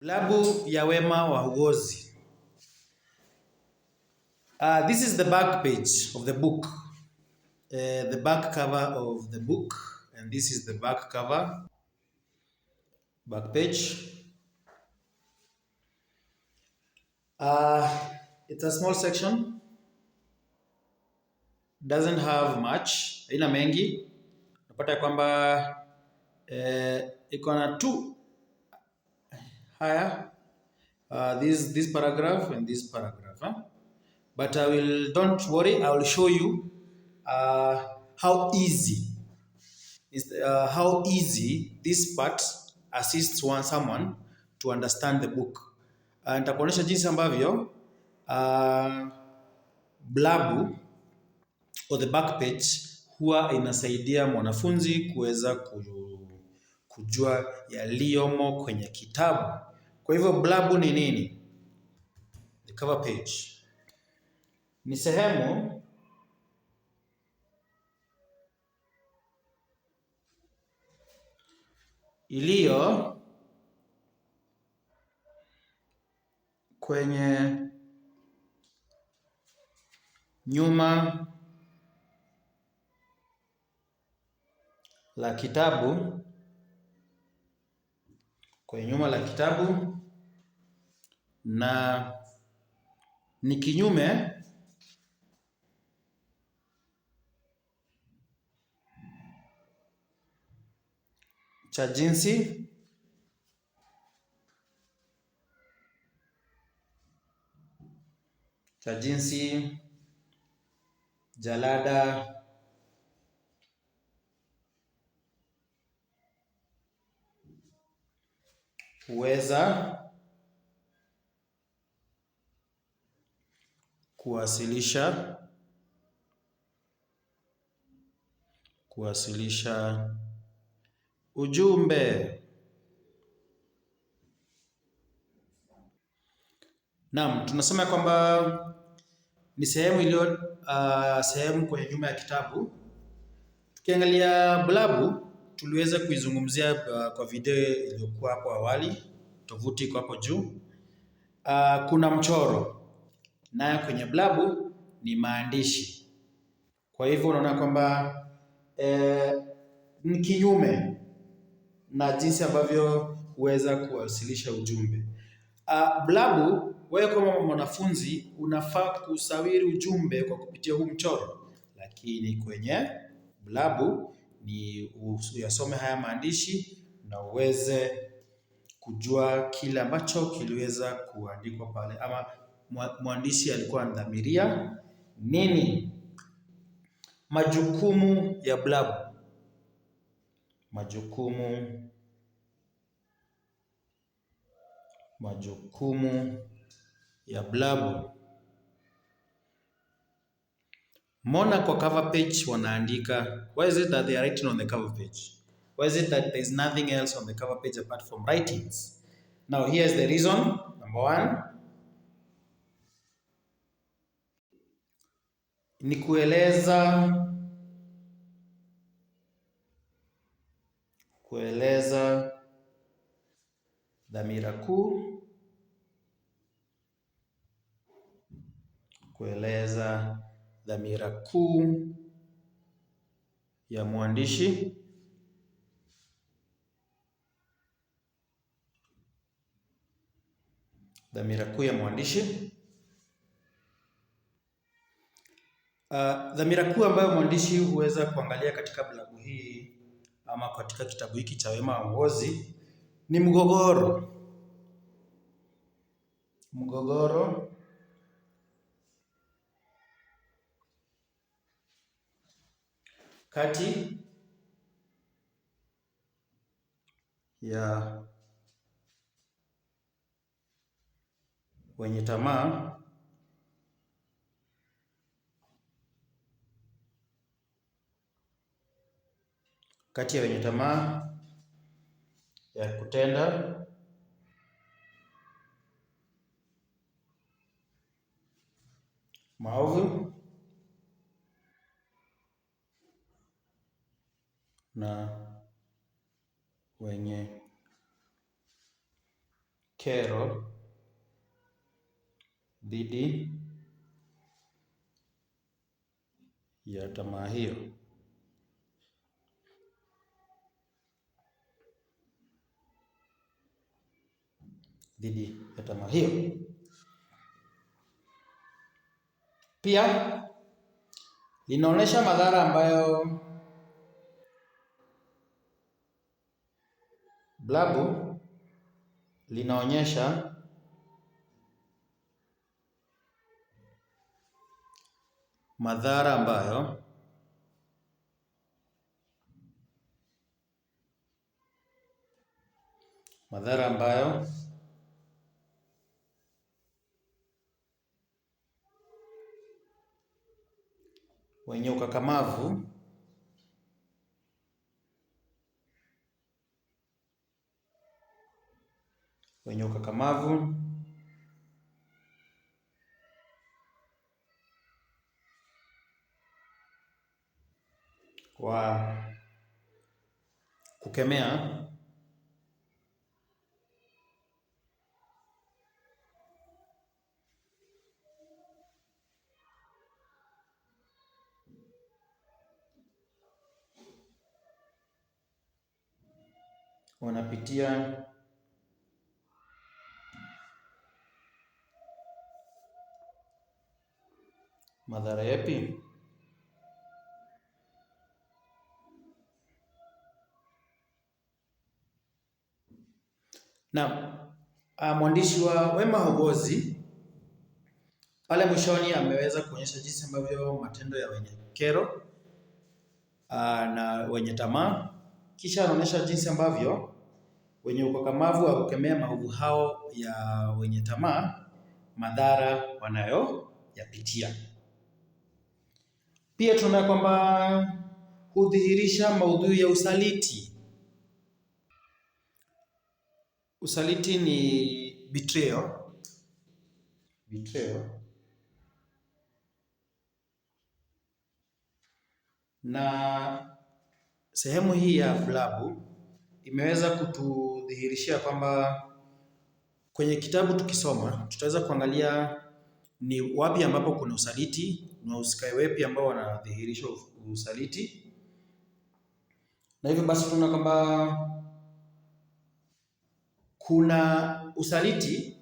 Klabu ya Wema wa Uozi. Uh, ah, this is the back page of the book. Uh, the back cover of the book and this is the back cover. Back page. Uh, it's a small section. Doesn't have much. Haina mengi. Napata kwamba ikona eh, iko na two haya uh, this this paragraph and this paragraph huh? but I will don't worry I will show you uh, how easy is uh, how easy this part assists one someone to understand the book uh, nitakuonyesha jinsi ambavyo uh, blabu or the back page huwa inasaidia mwanafunzi kuweza kujua yaliyomo kwenye kitabu kwa hivyo blabu ni nini? The cover page ni sehemu iliyo kwenye nyuma la kitabu kwenye nyuma la kitabu na ni kinyume cha jinsi cha jinsi jalada huweza kuwasilisha kuwasilisha ujumbe. Naam, tunasema kwamba ni sehemu iliyo uh, sehemu kwenye nyuma ya kitabu. Tukiangalia blabu, tuliweza kuizungumzia uh, kwa video iliyokuwa hapo awali, tovuti iko hapo juu. Uh, kuna mchoro nayo kwenye blabu ni maandishi. Kwa hivyo unaona kwamba e, ni kinyume na jinsi ambavyo huweza kuwasilisha ujumbe. Uh, blabu, wewe kama mwanafunzi unafaa kusawiri ujumbe kwa kupitia huu mchoro, lakini kwenye blabu ni uyasome haya maandishi na uweze kujua kile ambacho kiliweza kuandikwa pale ama mwandishi alikuwa anadhamiria nini? Majukumu ya blabu, majukumu majukumu ya blabu. Mona kwa cover page wanaandika why is it that they are writing on the cover page? Why is it that there is nothing else on the cover page apart from writings? Now is the reason. Number one, ni kueleza kueleza dhamira kuu, kueleza dhamira kuu ya mwandishi dhamira kuu ya mwandishi Uh, dhamira kuu ambayo mwandishi huweza kuangalia katika blabu hii ama katika kitabu hiki cha Wema wa Ngozi ni mgogoro, mgogoro kati ya wenye tamaa kati ya wenye tamaa ya kutenda maovu na wenye kero dhidi ya tamaa hiyo. dhidi ya tamaa hiyo. Pia linaonyesha madhara ambayo blabu linaonyesha madhara ambayo madhara ambayo wenye ukakamavu wenye ukakamavu wa kukemea wanapitia madhara yapi? Naam, ah, mwandishi wa Wema Hogozi pale mwishoni ameweza kuonyesha jinsi ambavyo matendo ya wenye kero ah, na wenye tamaa kisha anaonyesha jinsi ambavyo wenye ukakamavu wa kukemea maovu hao ya wenye tamaa, madhara wanayoyapitia. Pia tunaona kwamba hudhihirisha maudhui ya usaliti. Usaliti ni betrayal. Betrayal. Na Sehemu hii ya vilabu imeweza kutudhihirishia kwamba kwenye kitabu tukisoma tutaweza kuangalia ni wapi ambapo kuna usaliti, na wahusika wapi ambao wanadhihirisha usaliti, na hivyo basi tunaona kwamba kuna usaliti.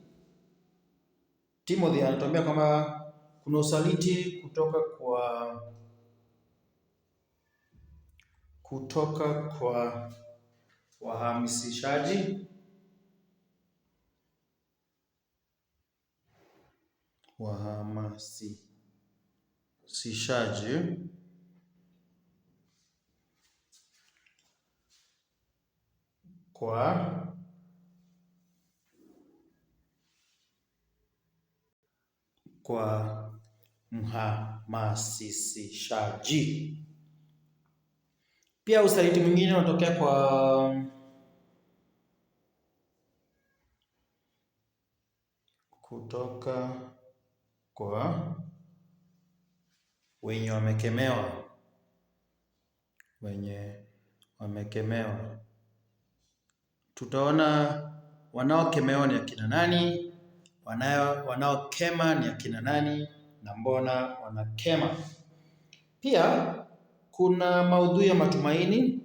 Timothy anatuambia kwamba kuna usaliti kutoka kwa kutoka kwa wahamasishaji wahamasishaji kwa kwa mhamasishaji pia usaliti mwingine unatokea kwa kutoka kwa wenye wamekemewa, wenye wamekemewa. Tutaona wanaokemewa ni akina nani, wanaokema ni akina nani, na mbona wanakema. Pia kuna maudhui ya matumaini,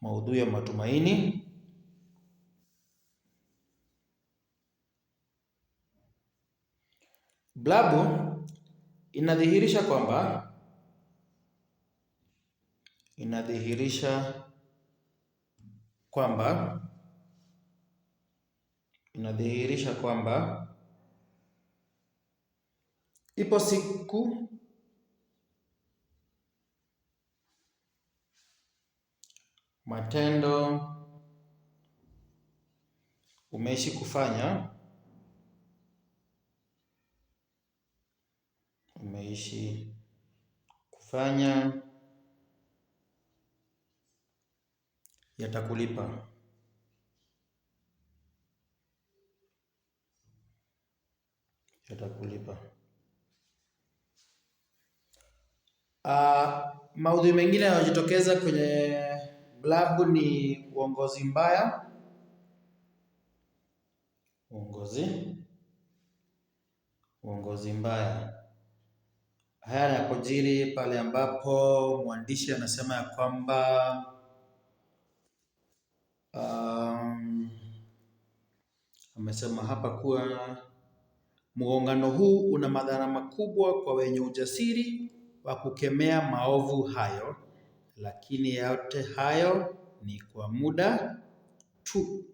maudhui ya matumaini blabu inadhihirisha kwamba inadhihirisha kwamba inadhihirisha kwamba Ipo siku matendo umeishi kufanya, umeishi kufanya yatakulipa. Yatakulipa. Uh, maudhui mengine yanayojitokeza kwenye blabu ni uongozi mbaya, uongozi uongozi mbaya. Haya yanakujiri pale ambapo mwandishi anasema ya kwamba um, amesema hapa kuwa mgongano huu una madhara makubwa kwa wenye ujasiri wa kukemea maovu hayo, lakini yote hayo ni kwa muda tu,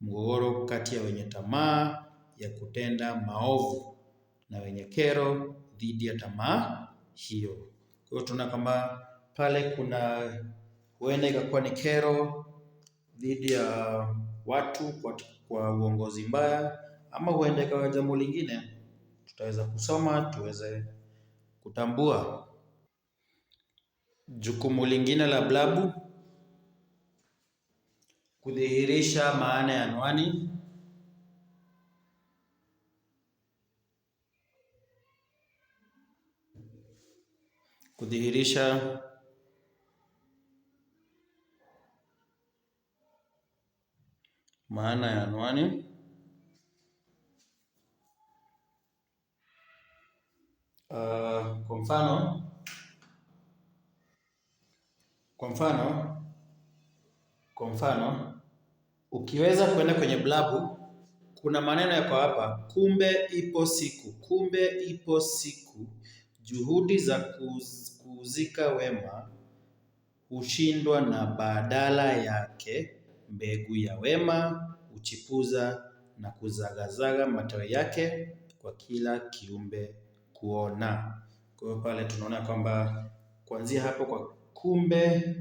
mgogoro kati ya wenye tamaa ya kutenda maovu na wenye kero dhidi ya tamaa hiyo. Kwa hiyo tunaona kwamba pale kuna huenda ikakuwa ni kero dhidi ya watu kwa, kwa uongozi mbaya ama huenda ikawa jambo lingine. Tutaweza kusoma tuweze kutambua jukumu lingine la blabu, kudhihirisha maana ya anwani, kudhihirisha maana ya anwani Eh, kwa mfano kwa mfano kwa mfano ukiweza kwenda kwenye blabu, kuna maneno yako hapa: kumbe ipo siku, kumbe ipo siku, juhudi za kuzika kuuzika wema hushindwa na badala yake mbegu ya wema huchipuza na kuzagazaga matawi yake kwa kila kiumbe kuona. Kwa hiyo pale tunaona kwamba kuanzia hapo kwa kumbe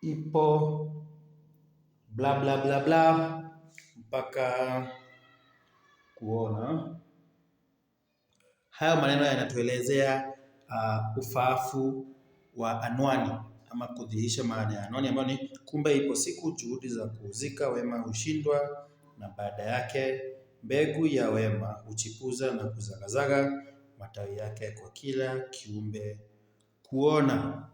ipo bla bla bla bla mpaka kuona. Hayo maneno yanatuelezea uh, ufaafu wa anwani ama kudhihirisha maana ya anwani ambayo ni kumbe ipo siku, juhudi za kuuzika wema hushindwa, na baada yake Mbegu ya wema huchipuza na kuzagazaga matawi yake kwa kila kiumbe kuona.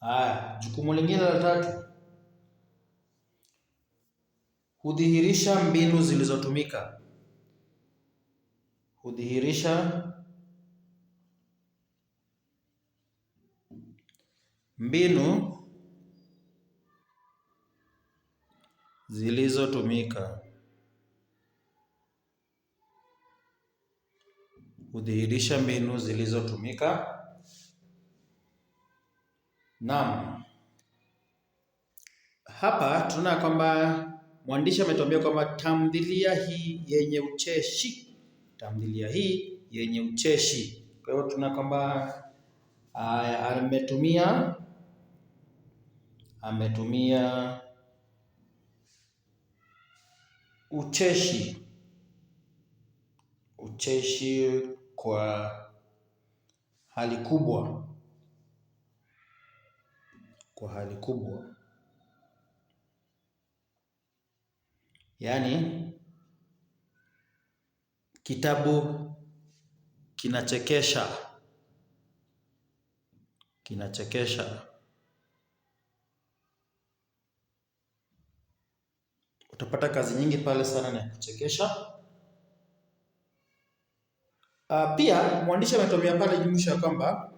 Haya, jukumu lingine la tatu hudhihirisha mbinu zilizotumika, hudhihirisha mbinu zilizotumika. hudhihirisha mbinu zilizotumika. Naam, hapa tunaona kwamba mwandishi ametuambia kwamba tamthilia hii yenye ucheshi, tamthilia hii yenye ucheshi. Kwa hiyo tunaona kwamba ametumia ametumia ucheshi ucheshi kwa hali kubwa, kwa hali kubwa, yaani kitabu kinachekesha, kinachekesha. Utapata kazi nyingi pale sana na kuchekesha Uh, pia mwandishi ametomea pale jumuisho ya kwamba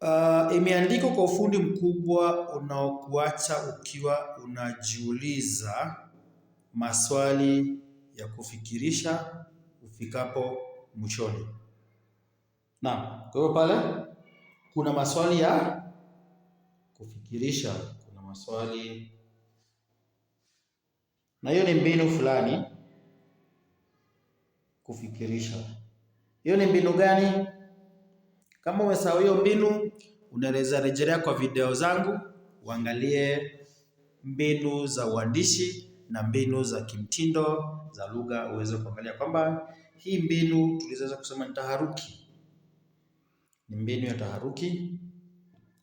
uh, imeandikwa kwa ufundi mkubwa unaokuacha ukiwa unajiuliza maswali ya kufikirisha ufikapo mwishoni. Naam, kwa hiyo pale kuna maswali ya kufikirisha, kuna maswali na hiyo ni mbinu fulani kufikirisha. Hiyo ni mbinu gani? Kama umesahau hiyo mbinu, unaweza rejelea kwa video zangu uangalie mbinu za uandishi na mbinu za kimtindo za lugha, uweze kuangalia kwamba hii mbinu tulizoweza kusema ni taharuki, ni mbinu ya taharuki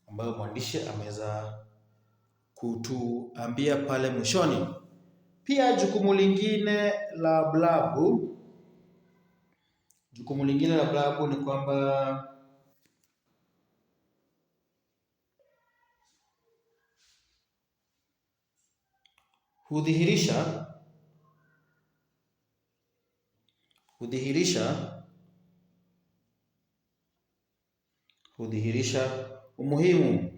ambayo mwandishi ameweza kutuambia pale mwishoni. Pia jukumu lingine la blabu Jukumu lingine la klabu ni kwamba hudhihirisha hudhihirisha hudhihirisha umuhimu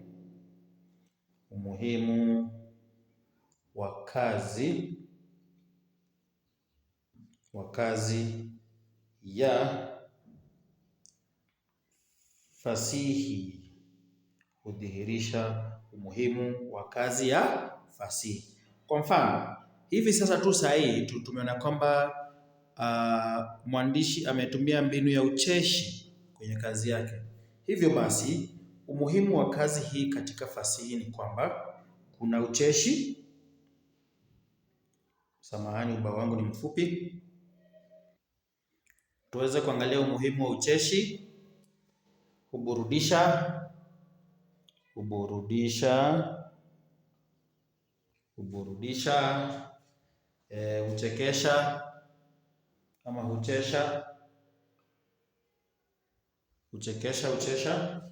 umuhimu wa kazi wa kazi ya fasihi hudhihirisha umuhimu wa kazi ya fasihi. Kwa mfano, hivi sasa tu saa hii tu tumeona kwamba uh, mwandishi ametumia mbinu ya ucheshi kwenye kazi yake. Hivyo basi, umuhimu wa kazi hii katika fasihi ni kwamba kuna ucheshi. Samahani, ubao wangu ni mfupi tuweze kuangalia umuhimu wa ucheshi, kuburudisha, kuburudisha, kuburudisha, e, eh, uchekesha ama huchesha, uchekesha, uchesha,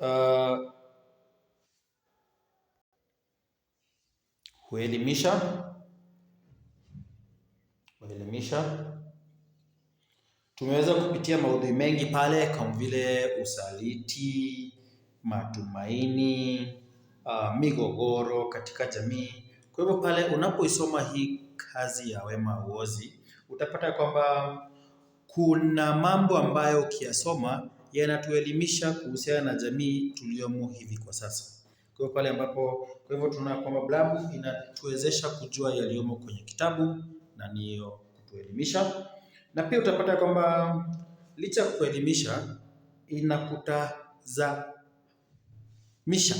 uh, eh, huelimisha, huelimisha Tumeweza kupitia maudhui mengi pale kama vile usaliti, matumaini, uh, migogoro katika jamii. Kwa hivyo pale unapoisoma hii kazi ya Wema Uozi utapata kwamba kuna mambo ambayo ukiyasoma yanatuelimisha kuhusiana na jamii tuliyomo hivi kwa sasa. Kwa hivyo pale ambapo, kwa hivyo tunaona kwamba blabu inatuwezesha kujua yaliyomo kwenye kitabu na niyo kutuelimisha na pia utapata kwamba licha ya kuelimisha misha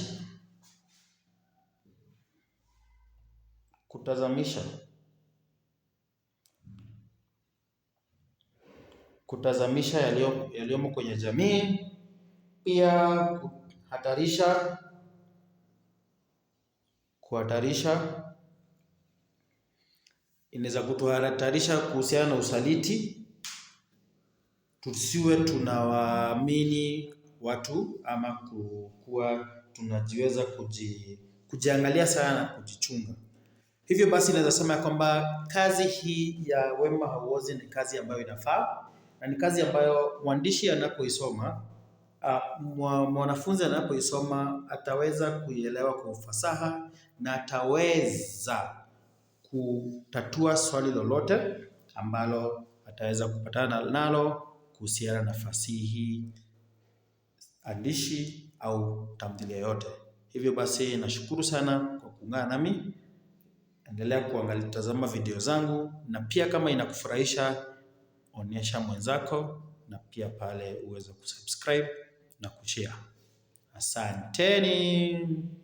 kutazamisha, kutazamisha yaliyomo kwenye jamii, pia kuhatarisha, kuhatarisha inaweza kutuhatarisha kuhusiana na usaliti. Tusiwe tunawaamini watu ama kuwa tunajiweza kuji, kujiangalia sana na kujichunga. Hivyo basi naweza sema ya kwamba kazi hii ya Wema Hauozi ni kazi ambayo inafaa na ni kazi ambayo mwandishi anapoisoma ah, mwanafunzi anapoisoma ataweza kuielewa kwa ufasaha na ataweza kutatua swali lolote ambalo ataweza kupatana nalo kuhusiana na fasihi andishi au tamthilia yote. Hivyo basi, nashukuru sana kwa kuungana nami. Endelea kuangalia, tazama video zangu, na pia kama inakufurahisha onyesha mwenzako, na pia pale uweze kusubscribe na kushare. Asanteni.